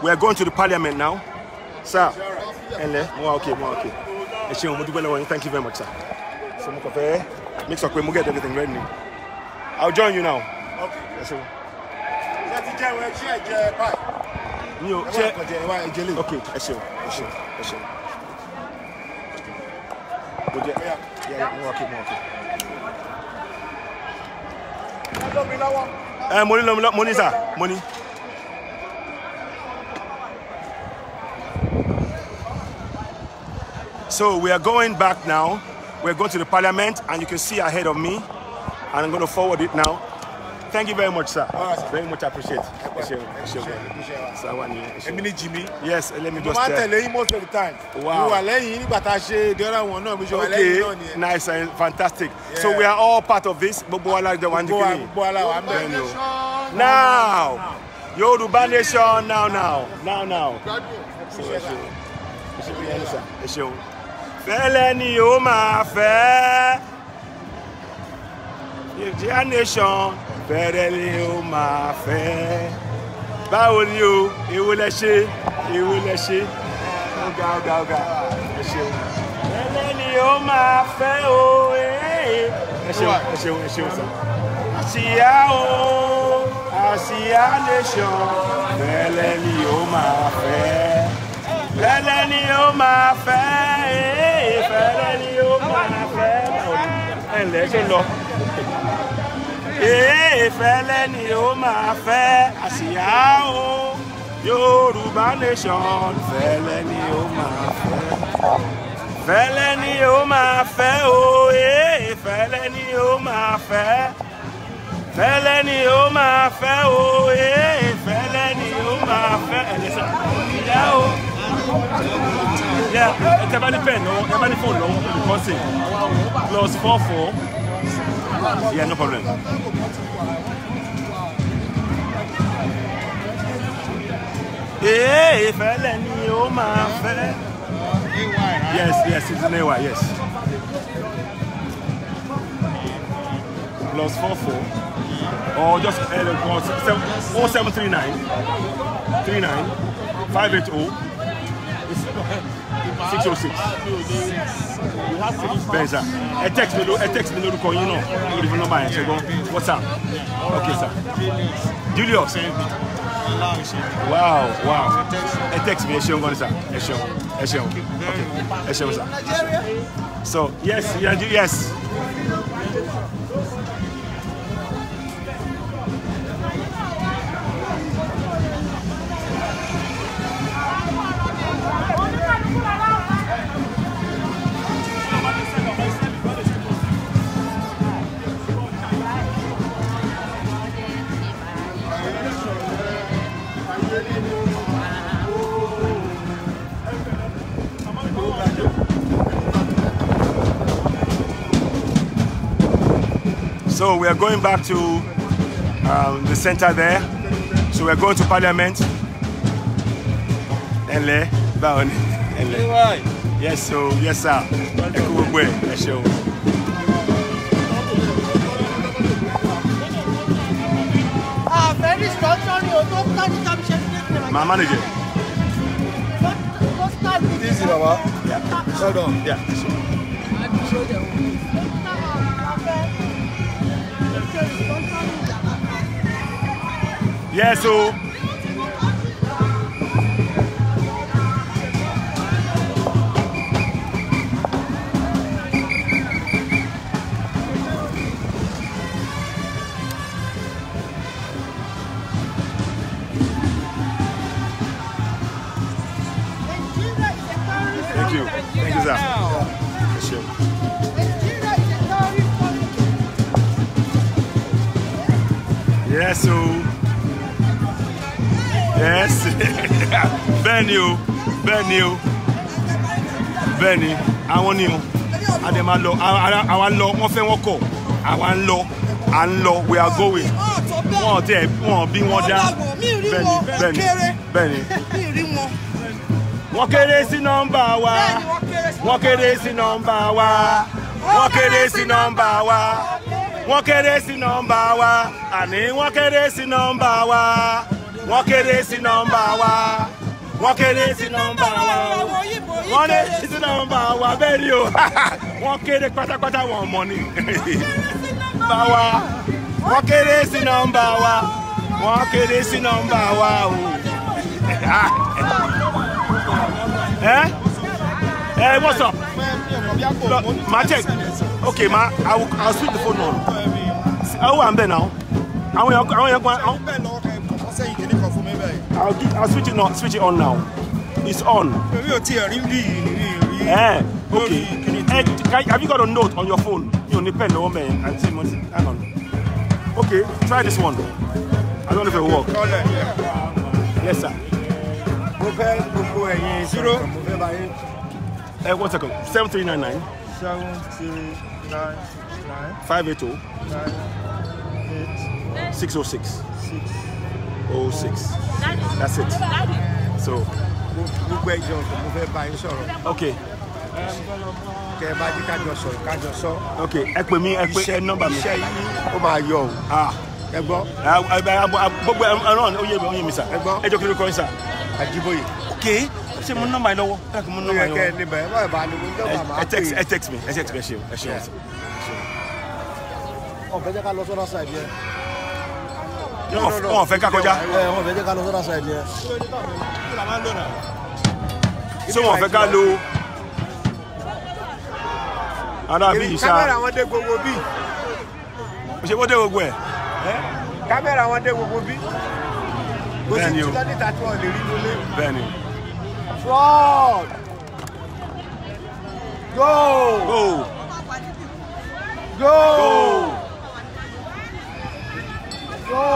Speaker 1: We are going to the parliament now. Sir, ẹnlẹ́ mo okay mo okay. thank you very much sir. So mo kàn fẹ́ make sure pé mo get everything ready. I'll join you now. Ẹ ṣeun. Ṣé ti jẹ́ ìwé ṣé ẹ̀jẹ̀ báyìí? Mi ò ṣe okay mo wà okay. Wọ́n lómi ẹ money, ní money. So we are going back now. We're going to the parliament, and you can see ahead of me. And I'm going to forward it now. Thank you very much, sir. All right. Very much appreciate. yes let me just tell. mo most of the time. wow mo wà lẹ́yìn nígbà tá a ṣe ìdẹ́rẹ́ wọn náà mi ṣe wà lẹ́yìn náà ni. okay nice and fantastic yeah. so we are all part of this gbogbo wa la wa ní kíni. gbogbo wa la wà ń o. now Yorùbá nation now now now now. ẹ ṣeun. fẹ́lẹ́ ni ó máa fẹ́. Yorùbá nation fẹ́rẹ́ ni ó máa fẹ́ báwo ni o èwo lẹ ṣe èwo lẹ ṣe ọ̀gá ọ̀gá ọ̀gá ẹ ṣeun. ẹlẹ́ni ó máa fẹ́ o eh. ẹ ṣeun ẹ ṣeun ẹ ṣeun sọ. àṣìyá o àṣìyá nation ẹlẹ́ni ó máa fẹ́ ẹlẹ́ni ó máa fẹ́ eh. ẹlẹ́ni ó máa fẹ́ ẹ ǹlẹ́ ṣe lọ èèfẹ́ lẹ́ni ó máa fẹ́ àṣìyá o Yorùbá nation fẹ́ lẹ́ni ó máa fẹ́ fẹ́ lẹ́ni ó máa fẹ́ o èèfẹ́ lẹ́ni ó máa fẹ́ fẹ́ lẹ́ni ó máa fẹ́ o èèfẹ́ lẹ́ni ó máa fẹ́ ẹ̀lẹ́sà ìyá o. Yeah, ẹ tẹ bá ní pẹ́ẹ̀ lọ́wọ́ ẹ bá ní fóònù lọ́wọ́ olùkọ́sìn plus four four. Yeah, no problem. Hey, if I let me, oh my friend. Yes, yes, it's an AY, yes. Plus 4 4. Or oh, just uh, 0739 39 580 606. Benza, a text me. A text mi lórúkọ you know. You even know my second. What's up? Okay, sir. Julius wow wow A text mi ẹ ṣeun gan sà ẹ ṣeun ẹ ṣeun ok ẹ ṣeun sà so yes yes. So we are going back to um, the center there. So we're going to Parliament. Enle, Baon, Enle. Yes, so, yes, sir. Ekubwe, Esho. My manager. This is Baba. Yeah. Hold on.
Speaker 2: Yeah.
Speaker 1: Yeah, so ni o bẹ́ẹ̀ ni o bẹ́ẹ̀ ni àwọn ni o àdè máa lọ àwa lọ wọ́n fẹ́ wọ́n kọ̀ àwa ń lọ à ń lọ we are going wọ́n tẹ̀ wọ́n bí wọ́n dá bẹ́ẹ̀ ni bẹ́ẹ̀ ni bẹ́ẹ̀ ni wọ́n kéré sí nọ́mbà wa wọ́n kéré sí nọ́mbà wa wọ́n kéré sí nọ́mbà wa wọ́n kéré sí nọ́mbà wa àní wọ́n kéré sí nọ́mbà wa wọ́n kéré sí nọ́mbà wa wọ́n kéré sí nọ́mbà wa o wọ́n lé sí nọ́mbà wa bẹ́ẹ̀ ni o wọ́n kéré pátápátá wọn mọ̀ ni nọ́mbà wa wọ́n kéré sí nọ́mbà wa wọ́n kéré sí nọ́mbà wa o ẹ ẹ eh? eh, what's up ma check okay ma i will i will switch the phone on. ẹ wà ń bẹ̀ náà àwọn yẹn kan. I'll, give, I'll switch it on. Switch it on now. It's on. Yeah. okay. Hey, eh, have you got a note on your phone? You only pen, oh man. And see, hang on. Okay, try this one. I don't know if it will work. Yes, sir. Zero. Hey, eh, one second. Seven three nine nine. Seven three nine nine. Five eight zero. Oh. Nine eight. Six zero oh six. Six. 06 that's it so gbogbo ẹjọ mo fẹ́ bá yín sọ̀rọ̀. ok. kẹ bá jí kájọ sọ̀rọ̀ kájọ sọ. ok ẹ Ah. mí ẹ pè ẹ nọ́mbà mi. iṣẹ́ yìí ó máa yọ o. ẹ gbọ́. gbogbo ẹran ó yé mi ó yé mi sà. ẹ gbọ́ ẹ jọ kí ló kọ́ yín sà. Àjíbóyè. ok ṣé mo nọ́mbà yín lọ́wọ́ ẹ kò mo nọ́mbà yín lọ́wọ́. ẹ kẹ ẹ
Speaker 2: níbẹ̀ ẹ bá ẹ bá ní mo nọ́mbà
Speaker 1: máa pè é. ẹ text mi ẹ text mi ẹ ṣe ẹ ṣe wọn. ọ̀bẹ jẹ́ ká lọ sọ́dọ̀ sáà wọn fẹ́ ká kọjá. Eh, wọn no jẹ́ ká lọ sọ́dà no ẹ. ṣé wọn fẹ́ ká lo ara bí ìṣá. kámẹ́rà wọn dé gbogbo bí. ṣé wọ́n dé gbogbo ẹ̀. Eh? bí. bẹ́ẹ̀ni o
Speaker 4: fraud.
Speaker 1: go. go. go. go. Go! Go!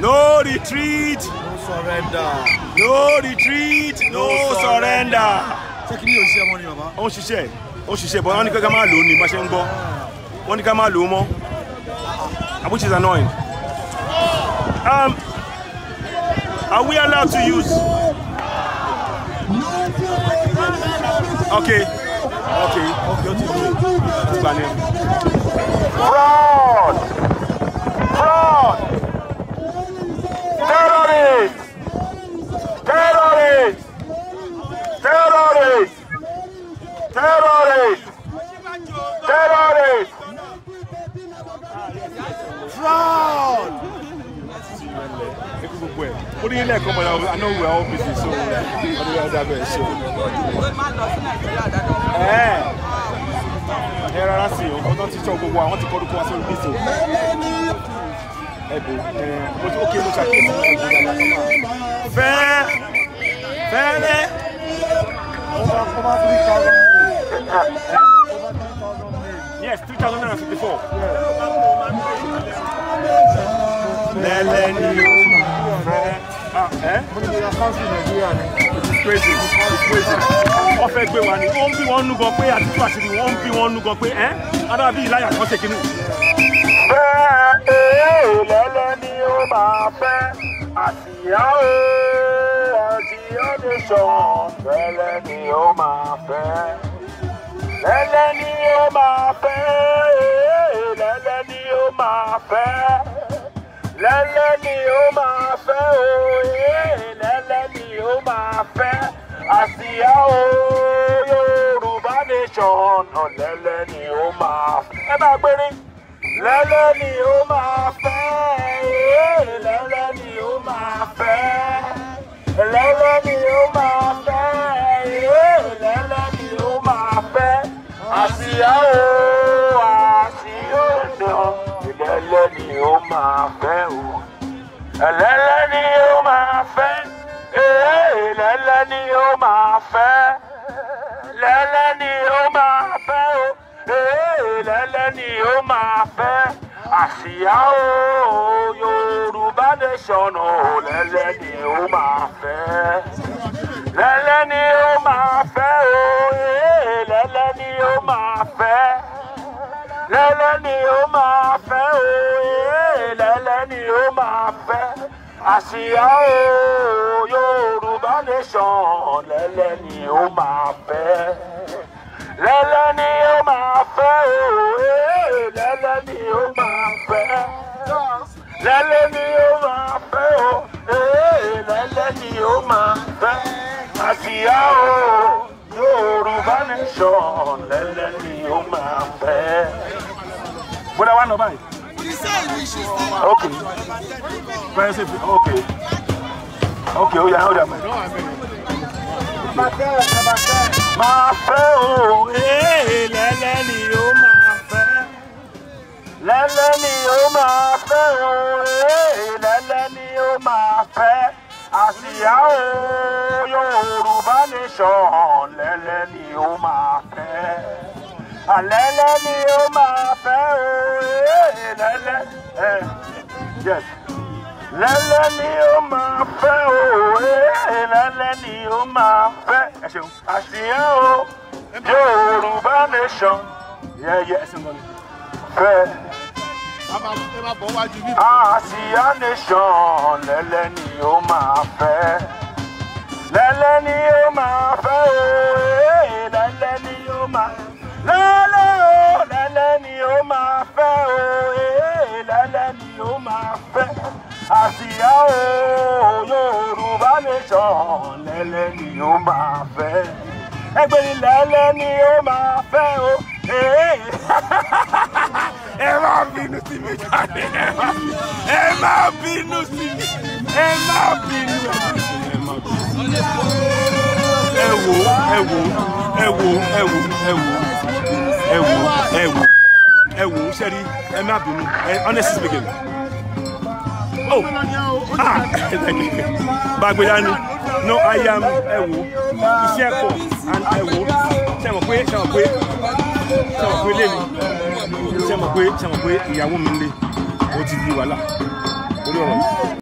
Speaker 1: No retreat. No surrender. No retreat. No, no surrender. Ṣé kí ni òṣìṣẹ́ wọn ni bàbá? Ó ń ṣiṣẹ́ ó ṣiṣẹ́ bọ́ wọn ní kankan máa lò ó ní bá ṣe ń gbọ́. Ah wọ́n ní ká má lò ah, which is annoying. Um, are we allowed to use? Okay, okay, okay, okay. Fraud! Fraud! Terrorists! Terrorists! Terrorists! Terrorists! Terrorist! fraud. What do you like? mọ̀lá I know we're all busy so ọdún yóò dábẹ́ ṣe. ẹ rárá sí o ọdún tí tí gbogbo àwọn ti kọ́ lóko wá sí orí bíso. ẹ̀bùn three thousand. Yes, 2054. Yes lẹ́lẹ́ ni ó crazy crazy wọ́n fẹ́ gbé wa ni wọ́n ń bí wọ́n ń núgọ pé àtúntò àṣírí wọ́n ń bí wọ́n ń pé ẹ́ adábí ìláyà kan ṣe kínní. bẹ́ẹ̀ èé ò lẹ́lẹ́ ni ó máa fẹ́ àtìyá o àtìyá ni sọ̀rọ̀ lẹ́lẹ́ ni ó máa fẹ́ lẹ́lẹ́ ni ó máa fẹ́ èé máa fẹ́ lẹ́lẹ́ ni ó máa fẹ́ òye lẹ́lẹ́ ni ó máa fẹ́ àsíá o Yorùbá nation ọ̀nà lẹ́lẹ́ ni ó máa fẹ́. ẹ bá gbérí lẹ́lẹ́ ni ó máa fẹ́ lẹ́lẹ́ ni ó máa fẹ́ lẹ́lẹ́ ni ó máa fẹ́ lẹ́lẹ́ ni ó máa fẹ́ àsíá o àsíá o ẹlẹ́ni ó máa fẹ́ o ẹlẹ́lẹ́ni ó máa fẹ́ ẹlẹ́lẹ́ni ó máa fẹ́ lẹ́lẹ́ni ó máa fẹ́ o lẹ́lẹ́ni ó máa fẹ́ àṣìyá o Yorùbá nation o lẹ́lẹ́ni ó máa fẹ́ lẹ́lẹ́ni ó máa fẹ́ o. lẹ́lẹ́ ni ó máa fẹ́ òye eh, lẹ́lẹ́ ni ó máa fẹ́ àṣìyá o Yorùbá nation lẹ́lẹ́ ni ó máa fẹ́ lẹ́lẹ́ ni ó máa fẹ́ òye eh, lẹ́lẹ́ ni ó máa fẹ́ lẹ́lẹ́ ni ó máa fẹ́ òye eh, lẹ́lẹ́ ni ó máa fẹ́ àṣìyá o Yorùbá nation lẹ́lẹ́ ni ó máa fẹ́. Bọ́dá wà náà báyìí. Ok. Bẹ́ẹ̀ sì fi ok. Ok ó yà ó dà o, lẹ́lẹ́ ni ó ni o, lẹ́lẹ́ ni ó o, Yorùbá nation, lẹ́lẹ́ ni ó máa fẹ́ àlẹ́lẹ́ ni ó máa fẹ́ òye lẹ́lẹ́ yes lẹ́lẹ́ ni ó máa fẹ́ òye lẹ́lẹ́ ni ó máa fẹ́ àṣìyàn o Yorùbá nation yẹ́yẹ́ fẹ́. àṣìyà nation lẹ́lẹ́ ni ó máa fẹ́ lẹ́lẹ́ ni ó máa fẹ́ òye lẹ́lẹ́ ni ó máa fẹ́ lálẹ́ o lálẹ́ ni ó eh, ni ó máa fẹ́ àsíá ni ó ni ó máa fẹ́ o eh. ẹ má bínú sí mi jáde ẹ má bínú sí mi ẹ má bínú ẹ má bínú ẹ wò ẹ wò ẹ wò ẹ wò ẹ wò ẹ wò ẹ wò ẹ wò honest speaking. oh ah Bagbeya ni no I am ẹ wò iṣẹ́ pọ̀ and Ewu. wò ṣe mọ̀ pé ṣe mọ̀ pé ṣe mọ̀ pé lèmi ṣe mọ̀ pé ṣe mọ̀ pé ìyàwó mi ń lé o ti di
Speaker 3: wàhálà
Speaker 4: orí ọ̀rọ̀ mi.